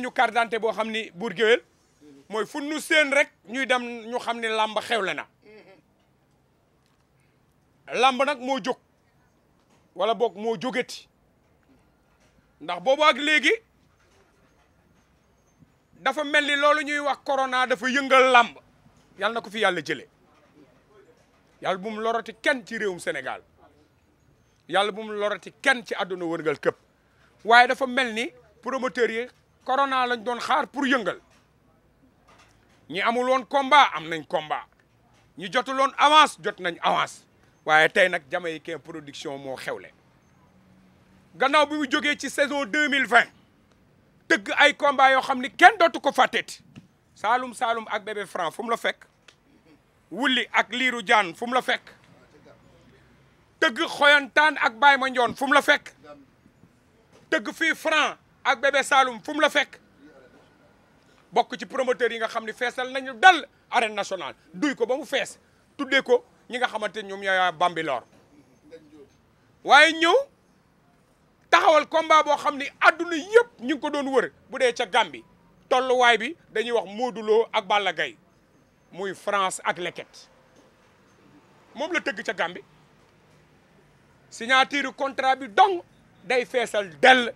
ñu carte d'identité boo xam ni buur géwél mooy fu nu seen rek ñuy dem ñu xam ne làmb xewle na làmb nag moo jóg wala boog moo jógati ndax boobu ak léegi dafa mel ni loolu ñuy wax corona dafa yëngal làmb yàlla na ko fi yàlla jëlee yàlla bum mu kenn ci réewum senegal yàlla bu mu lorati kenn ci àdduna wërngal këpp waaye dafa mel ni promoteurs yi corona lañ doon xaar pour yëngal ñi amul woon combat am nañ komba ñi jotul woon avance jot nañ avance waaye tey nag Jamaïcain production moo xew le gannaaw bi mu jógee ci saison deux mille vingt tëgg ay combat yoo xam ni kenn dootu ko fàtteeti Saalum Saalum ak bébé france fu mu la fekk wulli ak liiru jaan fum mu la fekk tëgg xoyantaan ak baay Mandione fu mu la fekk tëgg fii franc ak bébé Saloum fum la fek bokk ci promoteur yi nga xamni fessel nañu dal arène nationale duy ko ba mu fees tuddee ko ñi nga ñom yaa ñooy lor waye ñëw taxawal combat bo xamni aduna yépp yëpp ñu ko doon wër budé ci gambi tollu way bi dañuy wax modulo ak Balla gay muy France ak Leket mom la teug ci gambi signature contrat bi dong day fessel dell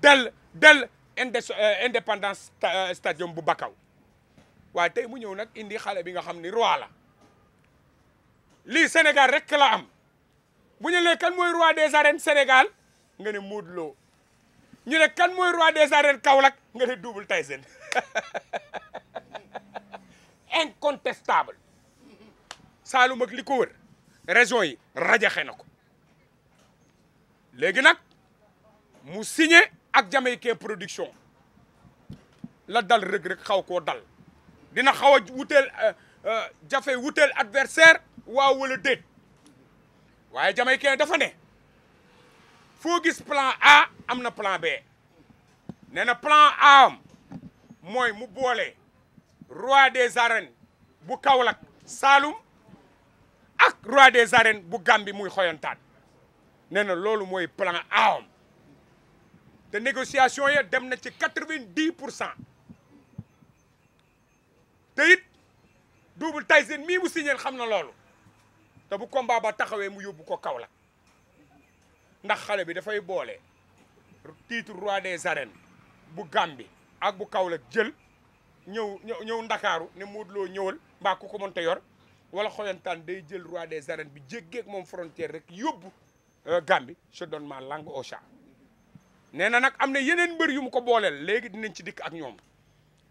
dell del eh, indépendance eh, stadium bu Bakaw waaye tey mu ñëw nag indi xale bi nga xam ni roi la lii Sénégal rek la am bu ñu nee kan mooy roi des arènes Sénégal nga ne Modou Lo ñu ne kan mooy roi des kaw Kaolack nga ne Double Tyson incontestable Saalum ak li ko wër région yi rajaxe na ko léegi nag mu signé. ak Jamaïcain production la dal Reug Reug xaw ko dal dina xaw wutel wuteel euh, euh, wutel adversaire waaw wala déet waye Jamaïcain dafa ne fo gis plan A amna plan B nee plan A am moy mu bolé roi des arènes bu kaolak Saloum ak roi des arènes bu gambi muy na moy plan A la négociation ya 90% na ci 90% Double Tyson mi mu signé na te bu combat ba taxawé mu ko kaw la ndax xalé bi fay bolé titre roi des arènes bu Gambie ak bu kaw la ñëw ñëw Dakarou roi des arènes bi frontière rek euh, Gambie je donne ma langue au chat nee na nag am na yeneen mbër yu mu ko booleel léegi dinañ ci dikk ak ñoom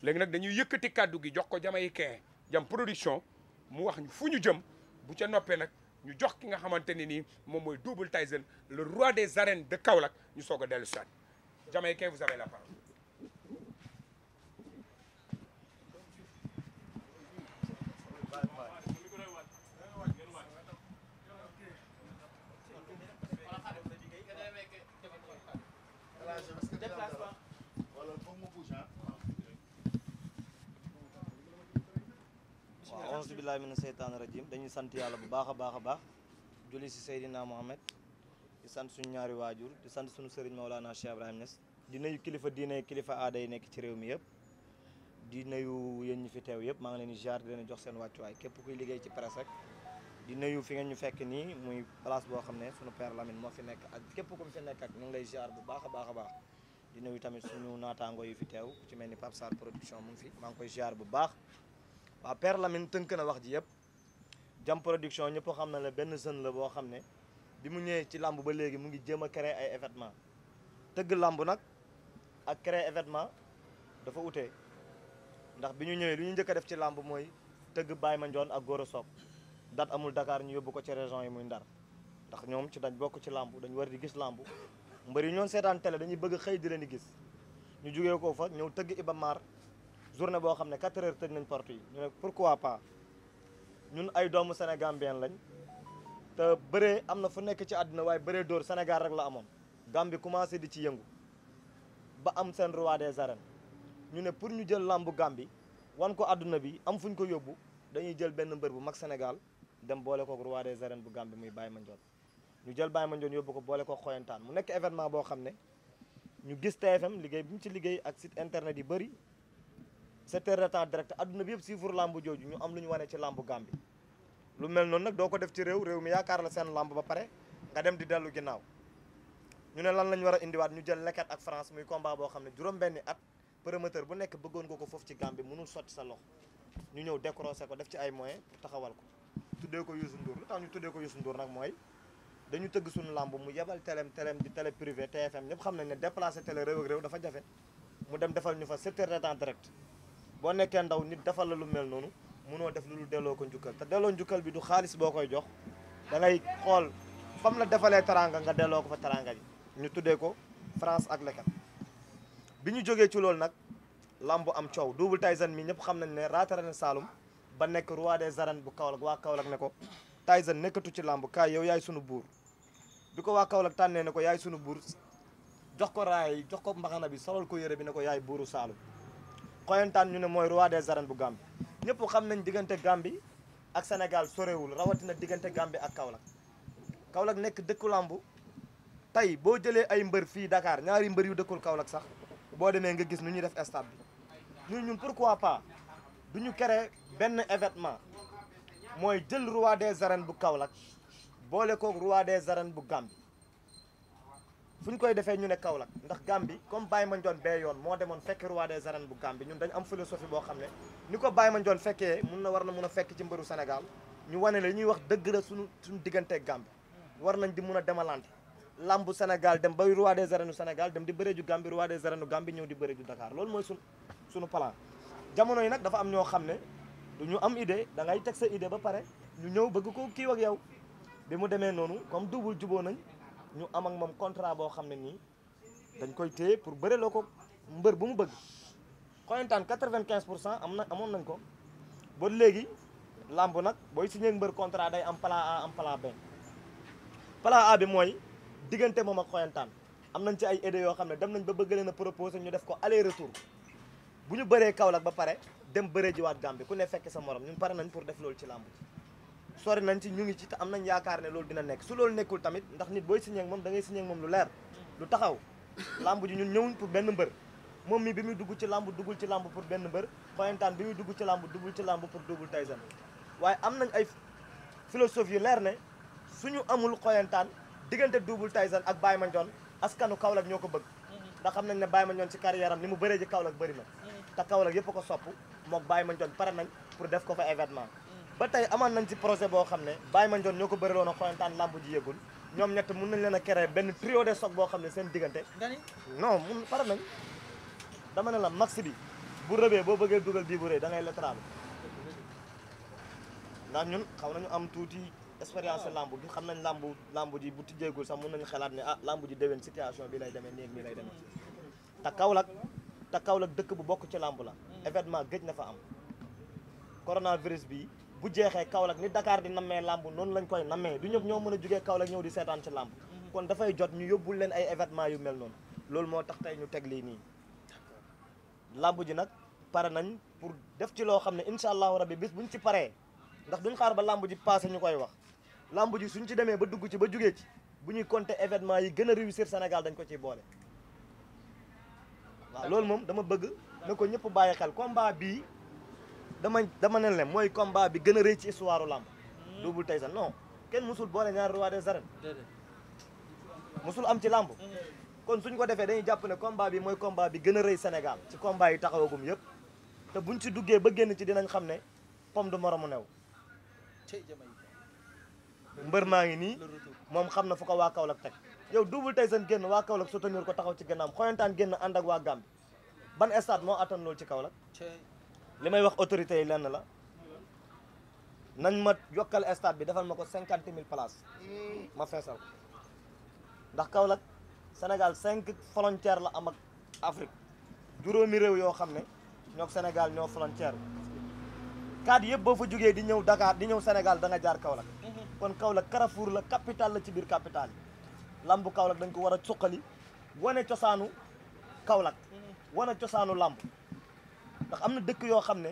léegi nag dañuy yëkkati kàddu gi jox ko jamay jamaïcain jam production mu wax ñu fu ñu jëm bu ca noppee nag ñu jox ki nga xamante ne nii moom mooy Double Tyson le roi des arènes de Kaolack ñu soog a dellu si waat jamaïcain vous avez la parole. auzu billahi mina seytaani rajim dañuy sant yàlla bu baax a baax a baax julli si Seydina Mohamed di sant suñu ñaari waajur di sant suñu sëriñ Maolana Cheikh Ibrahim Niass di nuyu kilifa diine kilifa aada yi nekk ci réew mi yëpp di nuyu yéen ñi fi teew yëpp maa ngi leen di jaar di leen jox seen wàccuwaay képp kuy liggéey ci presse ak di nuyu fi ngeen ñu fekk nii muy place boo xam ne suñu père Lamine moo fi nekk ak képp ko mu fi nekk ak ñu ngi lay jaar bu baax a baax a baax di nuyu tamit suñu naataangoo fi teew ci mel ni Pape Sarr production mu ngi fi maa ngi koy jaar bu baax waaw Père Lamine tënk na wax ji yëpp jam production ñëpp xam na la benn jeune la boo xam ne bi mu ñëwee ci làmb ba léegi mu ngi jéem a créer ay événement tëgg làmb nag ak créer événement dafa utee ndax bi ñu ñëwee lu ñu njëkk def ci làmb mooy tëgg Baye Mandione ak Goro Sock dat amul Dakar ñu yóbbu ko ci région yi muy Ndar ndax ñoom ci dañ bokk ci làmb dañ war di gis làmb mbër yi ñoon seetaan télé dañuy bëgg xëy di leen di gis ñu jugee ko fa ñëw tëgg Iba Mar journée boo xam ne 4 heures tëj nañ porte yi ñu ne pourquoi pas ñun ay doomu sénégambien lañ te bëree am na fu nekk ci àddina waaye bëree dóor Sénégal rek la amoon Gambie commencé di ci yëngu ba am seen roi des arènes ñu ne pour ñu jël làmbu Gambie wan ko adduna bi am fuñ ko yóbbu dañuy jël benn mbër bu mag senegal dem boole kook roi des arènes bu Gambie muy Baye Mandione ñu jël Baye Mandione yóbbu ko boole ko xoyantaan mu nekk événement boo xam ne ñu gis TFM liggéey bi mu ci liggéey ak site yi bëri c'était retard direct adduna bi yëpp suivre lamb jooju ñu am lu ñu wane ci lamb Gambie lu mel noonu nag doo ko def ci réew réew mi yaakaar la seen lamb ba pare nga dem di dellu ginnaaw ñu ne lan lañ war indiwaat ñu jël leket ak France muy combat boo xam ne juróom-benni at promoteur bu nekk bëggoon nga ko foofu ci Gambie mënul sotti sa loxo ñu ñëw décroché ko def ci ay moyen pour taxawal ko tuddee ko Youssou Ndour lu tax ñu tuddee ko Youssou Ndour nag mooy dañu tëgg suñu lamb mu yebal télém télém di télé privé TFM ñëpp xam nañ ne déplacé télé réew ak réew jafe mu dem defal ñu fa 7 heures boo nekkee ndaw nit defal la lu mel noonu munoo def lu delloo ko njukkal te delloo njukkal bi du xaalis boo koy jox da ngay xool fam la defalee taranga nga delloo ko fa taranga ji ñu tuddee ko France ak leket bi ñu jógee ci loolu nag lamb am coow Double Tyson mi ñëpp xam nañ ne raatare na Saalum ba nekk roi de arènes bu Kaolack waa Kaolack ne ko Tyson nekkatu ci lamb kaay yow yaay sunu buur bi ko waa Kaolack tànnee ne ko yaay sunu buur jox ko raay jox ko mbaxana bi solal ko yére bi ne yaay buuru Saalum xoyantaan ñu ne mooy roi des arènes bu Gambie ñëpp xam nañ diggante Gambie ak Sénégal sorewul rawatina diggante Gambie ak Kaolack Kaolack nekk dëkku làmb tey boo jëlee ay mbër fii dakaar ñaari mbër yu dëkkul Kaolack sax boo demee nga gis nu ñuy def stade bi ñun ñun pourquoi pas du ñu kere benn événement mooy jël roi des arènes bu Kaolack boole kook roi des arènes bu Gambie fu ñu koy defee ñu ne Kaolack ndax Gambie comme ma Mandione bee yoon moo demoon fekk roi des arènes bu Gambie ñun dañ am philosophie boo xam ne ni ko Baye Mandione fekkee mun na war na mun a fekk ci mbëru Sénégal ñu wane la ñuy wax dëgg la suñu suñu digganteeg Gambie war nañ di mun a demalante lambu senegal dem ba roi des arènes Sénégal dem di bëree ju Gambie roi des arènes Gambie ñëw di bëree ju Dakar loolu mooy suñu suñu plan jamono yi nag dafa am ñoo xam ne ñu am idée da ngay teg sa idée ba pare ñu ñëw bëgg ko kii yow bi mu demee noonu comme double juboo nañ ñu am ak moom contrat boo xam ne nii dañ koy téye pour bëreloo ko mbër bu mu bëgg xoyantaan quatre-vingt-quinze pour cent am na amoon nañ ko ba léegi làmb nag booy signé ak mbër contrat day am plan am plan B plan A bi mooy diggante moom ak xoyantaan am nañ ci ay idées yoo xam ne dem nañ ba bëgg leen a proposé ñu def ko aller retour bu ñu kaw lag ba pare dem bëree jiwaat Gambie ku ne fekk sa morom ñun pare nañ pour def loolu ci làmb sori nañ ci ñu ngi ci am nañ yaakaar ne loolu dina nekk su loolu nekkul tamit ndax nit boy signé ak mom da ngay signé ak mom lu leer lu taxaw lamb ji ñun ñewuñ pour benn mbeur mom mi bi mi dugg ci lamb duggul ci lamb pour benn mbeur xoyantaan bi mi dugg ci lamb duggul ci lamb pour Double Tyson waye am nañ ay philosophie yu leer ne suñu amul xoyantaan digënté Double Tyson ak Baye manjon askanu Kaolack ñoko bëgg da xam nañ ne Baye ci carrière am ni mu bëree ji Kaolack bëri na mm-hmm. ta Kaolack yëpp ko sopp mok Baye Mandione paré nañ pour def ko fa événement ba tey amaan nañ si projet boo xam ne Baye Mandione ñoo ko bëriloon a xoyantaan làmb ji yëgul ñoom ñett mun nañ leen a créer benn trio de choc boo xam ne seen diggante non mun pare nañ dama ne la max bi bu rëbee boo bëggee dugal bii bu rëy da ngay lettraal ndax ñun xaw nañu am tuuti expérience ah. lamb bi xam nañ lamb lamb ji bu tijjeegul sax mun nañu xalaat ne ah lamb ji déwén situation bi lay demee nii nii lay demee te Kaolack te Kaolack dëkk bu bokk ci lamb la hmm. événement gëj na fa am bi bu jeexee Kaolack ni Dakar di nammee làmb noonu lañ koy nammee du ñëpp ñoo mën a jugee Kaolack ñëw di seetaan ci làmb kon dafay jot ñu yóbbul leen ay événement yu mel noonu loolu moo tax tey ñu teg lii nii làmb ji nag pare nañ pour def ci loo xam ne incha allahu rabbi bis ñu ci paree ndax duñ xaar ba làmb ji passé ñu koy wax làmb ji suñ ci demee ba dugg ci ba jugee ci bu ñuy compter événement yi gën a réussir Sénégal dañ ko ciy boole waaw loolu moom dama bëgg na ko ñëpp bàyyi xel combat bii dama dama ne leen mooy combat bi gën a ci histoire lamb hmm. Double Tyson non ken musul boole ñaari roi des arènes musul am ci lamb hmm. kon suñ ko defee dañuy jàpp senegal combat bi mooy combat bi gën a rëy Sénégal ci combat yi taxawagum yëpp te buñ ci duggee ba génn ci dinañ ne du moromu new mbër maa ngi nii moom xam na fu ko waa yow Double Tyson génn waa Kaolack soutenir ko taxaw ci gannaam xoyantaan génn ànd ak ban stade mo attan loolu ci Kaolack li may wax autorité yi lenn la nañ ma yokkal stade bi defal ma ko cinquante mille places ma feesal ndax Kaolack Sénégal cinq frontière la am ak Afrique juróomi réew yoo xam ne ñoo Sénégal ñoo frontière kaat yëpp boo fa jógee di ñëw dakaar di ñëw Sénégal da jaar Kaolack kon Kaolack Carrefour la capitale la ci biir capitale yi lamb Kaolack dañ ko war a suqali wane cosaanu Kaolack wane cosaanu làmp ndax am na dëkk yoo xam ne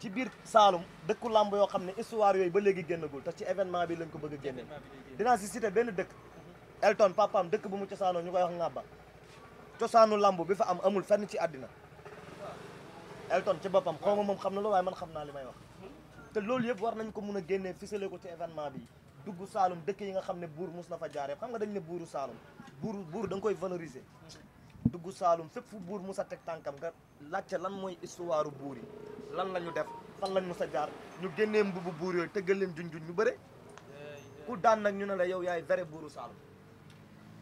ci biir Saalum dëkku làmb yoo xam ne histoire yooyu ba léegi génnagul te ci événement bi lañ ko bëgg a génne dinaa si cité benn dëkk Elton papaam dëkk bu mu cosaanoo ñu koy wax Ngàbba cosaanu làmb bi fa am amul fenn ci àddina Elton ci boppam xaw moom xam na loolu waaye man xam naa li may wax te loolu yëpp war nañ ko mun a génnee ficelé ko ci événement bi dugg Saalum dëkk yi nga xam ne buur mus na fa jaar yëpp xam nga dañ ne buuru Saalum buur buur da nga koy valoriser dugg salum fépp fu buur musa tek tankam ga lacc lan moy histoire buur yi lan lañu def fan lañu musa jaar ñu bu teggal leen junjun ñu bëré ku daan nak ñu na la yow yaay vrai buuru salum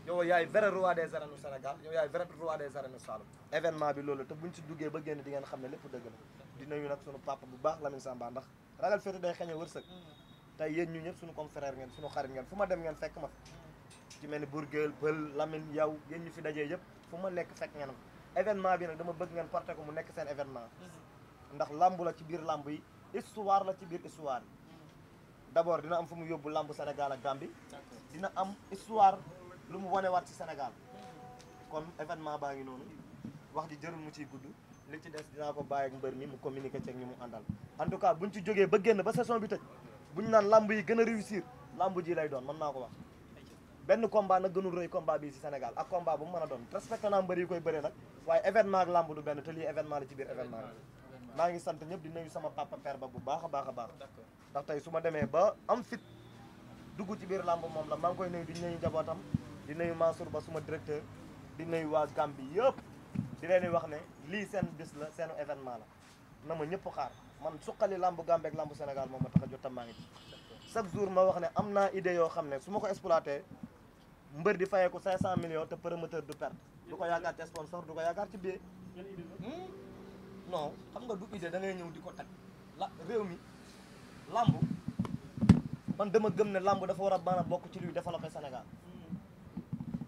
yow yaay vrai roi des arènes du Sénégal yow yaay vrai roi des arènes du salum événement bi loolu te buñ ci duggé ba gën di ngeen xamné lepp dëgg la nuyu nak suñu papa bu baax Lamine Samba ndax ragal fete day xagne wërsëg tay yeen ñu konferen suñu comme frère ngeen suñu xarit ngeen fuma burgel dem ngeen fekk ma ci melni beul Lamine yow yeen ñu fi dajé yépp fu ma nekk fekk ngeen événement bi nag dama bëgg ngeen porté ko mu nekk seen événement ndax làmb la ci biir làmb yi histoire la ci biir histoire yi d' abord dina am fu mu yóbbu làmb Sénégal ak Gambie dina am histoire lu mu wanewaat ci Sénégal kon événement baa ngi noonu wax ji jërul mu ciy gudd li ci des dinaa ko bàyyi ak mbër mi mu communiqué ceeg ñi mu àndal en tout cas bu buñ ci jógee ba génn ba saison bi tëj buñ naan lamb yi gën a réussir lamb ji lay doon mën naa ko wax benn combat nag gënul rëy combat bi ci Sénégal ak combat bu mu mën a doon respecté naa mbër yi koy bëree nag waaye événement ak làmb du benn te lii événement la ci biir événement la maa ngi sant ñëpp di nuyu sama papa père ba bu baax a baax a baax ndax tey su ma demee ba am fit dugg ci biir làmb moom la maa ngi koy nuyu di nuyu njabootam di nuyu Mansour ba suma directeur di nuyu waa Gambie yëpp di leen wax ne lii seen bis la seenu événement la na ma ñëpp xaar man suqali làmb Gambie ak làmb moom a jot tam maa ngi ci jour ma wax ne am naa idée yoo xam ne su ma ko exploité mbeur di fayé ko 500 millions te promoteur du perte du ko yaakaar ci sponsor du ko yaakaar ci billet. Hmm? non xam nga du idée da ngay ñëw di ko teg la réew mi làmb man dama gëm né làmb dafa wara bana bok ci luy loxé Sénégal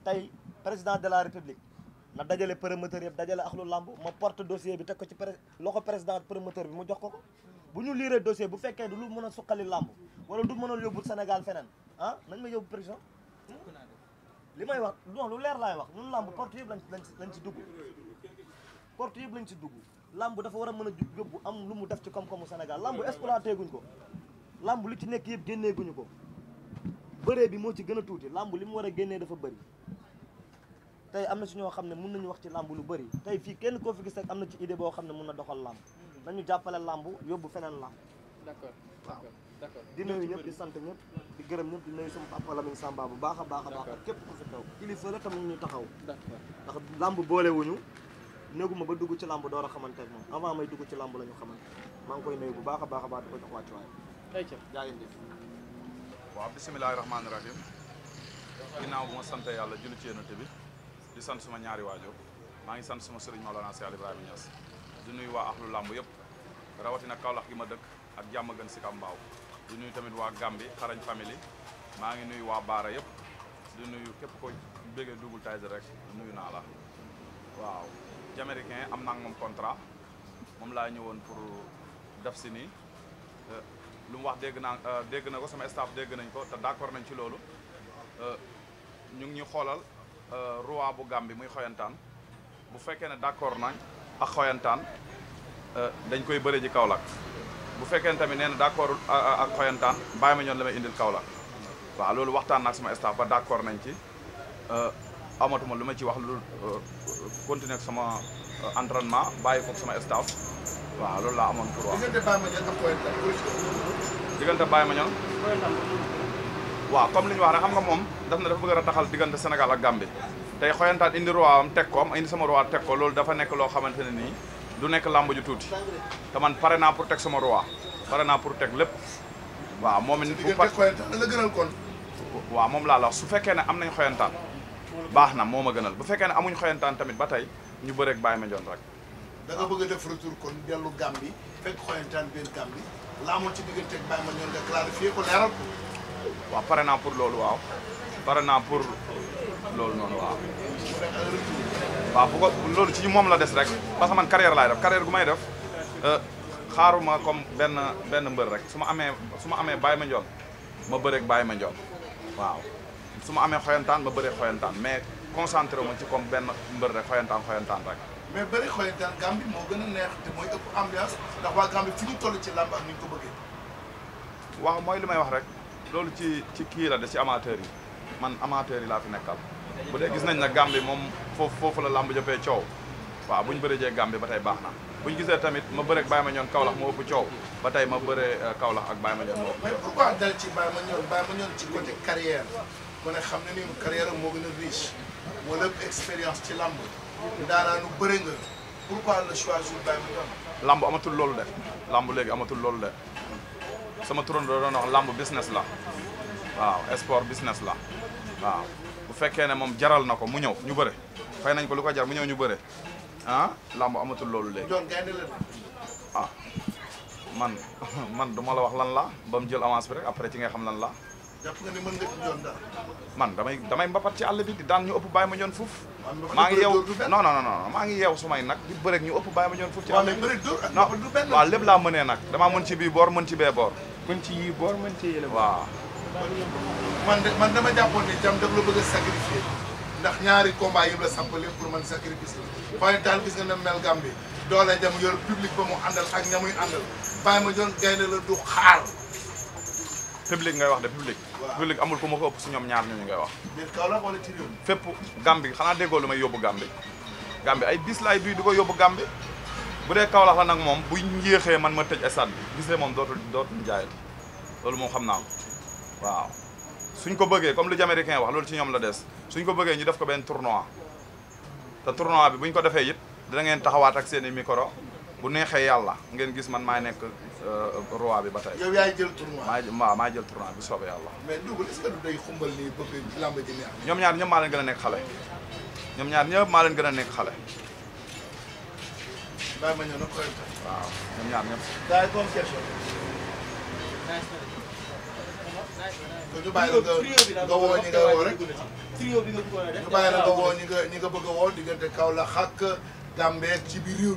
tay président de la république na dajalé promoteur yëpp dajalé akhlu làmb ma porte dossier bi teg ko ci loxo président promoteur bi mu jox ko ko bu ñu dossier bu féké du lu mëna sukkali suqali wala du mëna yobul Sénégal feneen ah nañ ma yobul président li may wax non lu leer laay wax ñun làmb porte yëpp lañ lañ lañ ci dugg porte yëpp lañ ci dugg làmb dafa war a mën a yóbbu am lu mu def ci koom-koomu Sénégal làmb exploité guñ ko làmb lu ci nekk yëpp génnee guñu ko bëree bi moo ci gën a tuuti làmb li mu war a génnee dafa bëri tey am na si ñoo xam ne mun nañu wax ci làmb lu bëri tey fii kenn koo fi gis am na ci idée boo xam ne mun na doxal làmb nañu jàppale làmb yóbbu feneen làmb d'accord waaw d'accord di nuyu ñëpp di sant ñëpp di gërëm ñëpp di nuyu sama papa Lamine bu baax a baax a baax ak képp ku fi taw kilifa la tam ñu taxaw ndax làmb boolewuñu néeguma ba dugg ci làmb door a xamante ak moom avant may dugg ci làmb la ñu xamante maa ngi koy nuyu bu baax a baax a baax di ko jox wàccuwaay jaa ngeen jëf waaw bisimilahi rahmaani rahim ginnaaw bu ma sant yàlla julli ci bi di sant suma ñaari waajur maa ngi sant suma sëriñ Maolana Cheikh Ibrahima Niass di nuyu waa ahlu làmb yëpp rawatina Kaolack gi ma dëkk ak jamm gën si baw di nuyu tamit wa Gambi xarañ family ma ngi nuyu wa bara yëpp di nuyu képp ko bëggé dougul tayz rek nuyu na la waaw Jamaïcain am naa moom contrat mom la ñëwoon pour def ci ni euh, lu mu wax dégg na euh, dégg na ko sama staff dégg nañ ko te d'accord nañ ci loolu euh, ñu ngi xolal roi bu Gambi muy xoyantaan bu fekkee ne d'accord nañ ak xoyantaan dañ koy bëre ji kaolak bu fekkee tamit nee d'accord d' accord ak xoyantaan bàyyi ma ñoon la may indil Kaolack waaw sama staff ba d'accord accord nañ ci euh, amatuma luma ci wax lu euh, continue ak sama euh, entraînement baye ko sama staff wa lolu la amone pour wax. digënta bàyyi ma ñoon ak comme liñ wax rek xam nga mom daf na dafa bëgg a taxal digënta senegal ak Gambie tay xoyantan indi roi am ko am indi sama roi teg ko dafa nek lo xamanteni ni du nekk làmb ju tuuti te man pare naa pour teg sama roi pare naa pour teg lépp waaw moom it bu la gënal kon waaw moom laa la su fekkee ne am nañ xoyantaan baax na moom a gënal bu fekkee ne amuñ xoyantaan tamit ba tey ñu bëreeg baay ma joon rek da nga a def retour kon dellu Gambie fekk xoyantaan biir Gambie laa amoon ci digganteeg bàyyi ma joon nga clarifier ko leeral ko pare naa pour loolu waaw pare naa pour loolu noonu waaw waaw bu ko loolu ci moom la des rek parce que man carrière laay def carrière gu may def euh, xaaruma comme benn benn mbër rek su ma amee su ma amee bàyyi ma njool ma bëreeg bàyyi ma njool waaw su ma amee xoyantaan ma bëreeg xoyantaan mais concentré ma ci comme benn mbër rek xoyantaan xoyantaan rek mais bëri xoyantaan Gambie moo gën neex te mooy ëpp ambiance ndax waa Gambie fi ñu ci làmb ak ni ko bëggee waaw mooy li wax rek loolu ci ci kii la de ci amateur yi man amateur yi laa fi nekkal bu dee gis nañ na Gambie moom foofu foofu la lamb jëppee coow waaw bu ñu bëree jee Gambie ba tey baax na bu ñu gisee tamit ma bëree ak Baye Mandione Kaolack moo ëpp coow ba tey ma bëree euh, Kaolack ak Baye Mandione moo ëpp mais pourquoi dal ci Baye ma Baye Mandione ci côté carrière mu ne xam ne ni carrière moo gën a riche moo lépp expérience ci làmb daanaa nu bëri nga pourquoi le choix jour Baye Mandione làmb amatul loolu de lamb léegi amatul loolu de sama turon doon wax làmb business la waaw sport business la bu fekkee ne moom jaral na ko mu ñëw ñu bëre fay nañ ko lu ko jar mu ñëw ñu bëre ah làmb amatul loolu léegi. ah man man du ma la wax lan la ba mu jël avance bi rek après ci nga xam lan la. ni mën nga ci joon daal. man damay damay ci àll bi di daan ñu ëpp bàyyi ma ñoon fuuf. maa ngi yeew non non non maa ngi yeew sumay nag di bëreeg ñu ëpp bàyyi ma ñoon fuuf. ci àll bi non waaw lépp laa mënee nag damaa mën ci bii boor mën ci bee boor. mën ci yii boor mën ci yële waaw man de man dama jàppoon ne jam daf la bëgg a sacrifier ndax ñaari combat yëpp la sampale pour man sacrifier waaye daal gis nga ne mel gam bi doole jam yor public ba mu àndal ak ña muy àndal bàyyi ma doon gaynde la du xaar. public ngay wax de public. public amul ku ma ko ëpp si ñoom ñaar ñooñu ngay wax. biir Kaolack wala ci lu may yóbbu gam bi ay bis laay duy di ko yóbbu gam bi bu dee Kaolack la nag moom bu njéexee man ma tëj stade bi gisee moom dootul dootul njaayal loolu moom waaw suñ ko bëggee comme lu jaméricain wax loolu ci ñoom la des suñ ko bëggee ñu def ko benn tournoi te tournoi bi buñ ko defee it dina ngeen taxawaat ak seen i micro bu neexee yàlla ngeen gis man maa nekk euh, roi bi ba tey. yow yaay jël tournoi maa waaw maa jël tournoi bi soobee yàlla. mais Double est-ce que du day xumbal ñoom ñaar ñëpp maa leen gën a nekk xale ñoom ñaar ñëpp maa leen gën a nekk xale. ma ñëw nag waaw ñoom ñaar ñëpp. gars ñu bàyyi la nga nga woo ñi nga woo rek a def ñu bàyyi woo ñi nga ñi bëgg a woo diggante Kaolack ak Gambey ci biir réew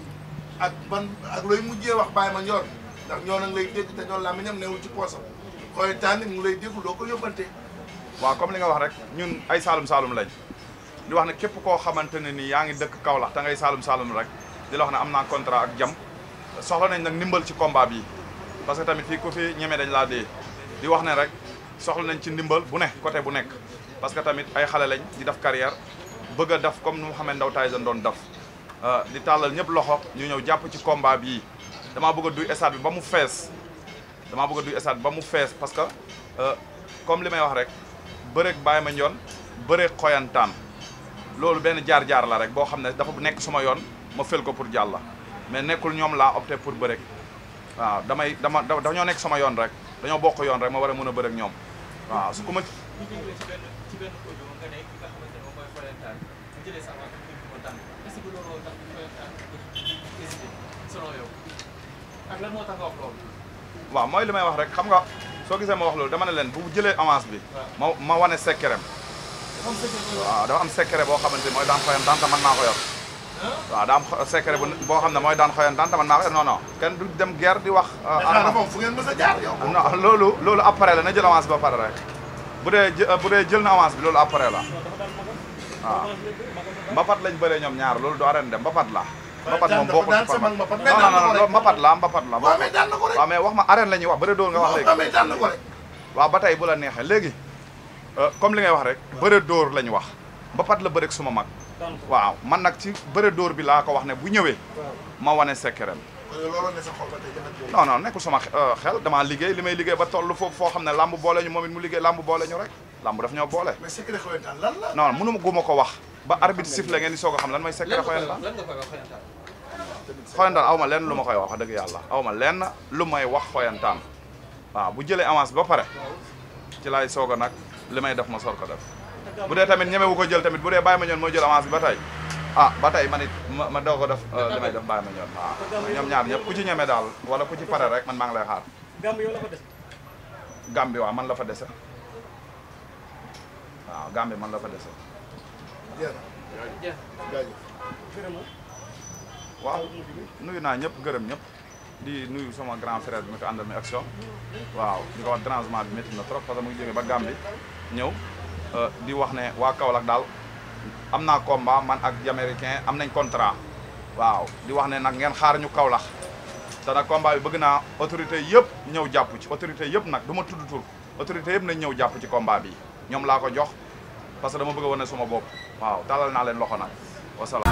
ak ban ak looy mujjee wax bàyyi ma ñor ndax ñoo nag lay dégg te ñoo laa mi ñam newul ci poosam koy tànn mu lay dégg loo ko yóbbante waaw comme li nga wax rek ñun ay saalum saalum lañ di wax ne képp koo xamante ne ni yaa ngi dëkk Kaolack te ngay saalum saalum rek di la wax ne am naa contrat ak jam soxla nañ nag ndimbal ci combat yi parce que tamit fii ku fi ñeme dañ laa dee di wax ne rek soxla nañ ci ndimbal bu ne côté bu nekk parce que tamit ay xale lañ di def carrière bëgg a def comme nu Mouhamed Ndao Tyson doon def euh, di tàllal ñëpp loxo ñu ñëw jàpp ci combat bii damaa bëgg duy stade bi ba mu fees damaa bëgg duy stade bi ba mu fees parce que euh, comme li may wax rek bëreeg Baye Mandione bëreeg xoyantaan loolu benn jaar-jaar la rek boo xam ne dafa nekk suma yoon ma fel ko pour jàlla mais nekkul ñoom laa opté pour bëreeg waaw damay dama dañoo nekk sama yoon rek dañoo bokk yoon rek ma war a mën a bëreeg ñoom waaw su ko mën. ñu mooy Folentane moo tànn est-ce que loolu tax Folentane moo tax nga mooy e li may wax rek xam nga soo gisee ma wax loolu dama ne leen bu jëlee avance bi. ma ma wane sekkerem. dafa am sekkerem waaw dafa am sekkerem boo xamante ni mooy daan fayam daan ta mën naa ko yor. waaw daa am eh, secret bu boo xam ne mooy daan xoyantaan taman maa dem guerre di wax eh, moom fu ngeen mës a jaar yow non loolu loolu après la na jël avance ba pare rek bu dee eh, bu dee jël na avance bi loolu après la waaw mbapat lañ bëree ñoom ñaar loolu du arène de mbapat la mbapat moom boo ko non non non mbapat la mbapat la waaw mais daan na suma mag waaw man nag ci bëre dóor bi laa ko wax ne bu ñëwee. ma wane sekkeram. looloo ne sa xol non non nekkul sama euh, xel damaa liggéey li may liggéey ba toll foofu foo xam ne làmb boole ñu moom it mu liggéey làmb boole ñu rek làmb daf ñoo boole. mais secret lan la. non mënu ma guma ko wax. ba arbitre siffle ngeen di soog a xam lan mooy secret xoyantaan lan nga koy wax aw ma lenn lu ma koy wax dëgg yàlla aw ma lenn lu may wax xoyantaan waaw bu jëlee avance ba pare ci laay soog a nag li may def ma sor ko def bu dee tamit ñemewu ko jël tamit bu dee bàyyi ma ñoon mooy jël avance bi ba tey ah ba tey man it ma ma doog ko def euh, li def bàyyi ma ñoon waaw ñoom ñaar ñëpp ku ci ñeme daal wala ku ci pare rek man maa ngi lay xaar man la fa dese waaw man la fa dese waaw nuyu naa ñëpp gërëm ñëpp di nuyu sama grand frère bi ma ko àndal mi action waaw di ko wax dérangement na trop parce que mu ngi ba Gambie ñëw Euh, di wax ne waa Kaolack daal am naa combat man ak Jamaïcain am nañ contrat waaw di wax ne nag ngeen xaar ñu Kaolack te nag bi bëgg naa autorité yëpp ñëw jàpp ci autorité yëpp nag du ma tudd tur autorité yëpp nañ ñëw jàpp ci combat bi ñoom laa ko jox parce que dama bëgg a wane suma bopp waaw talal naa leen loxo nag wasalaam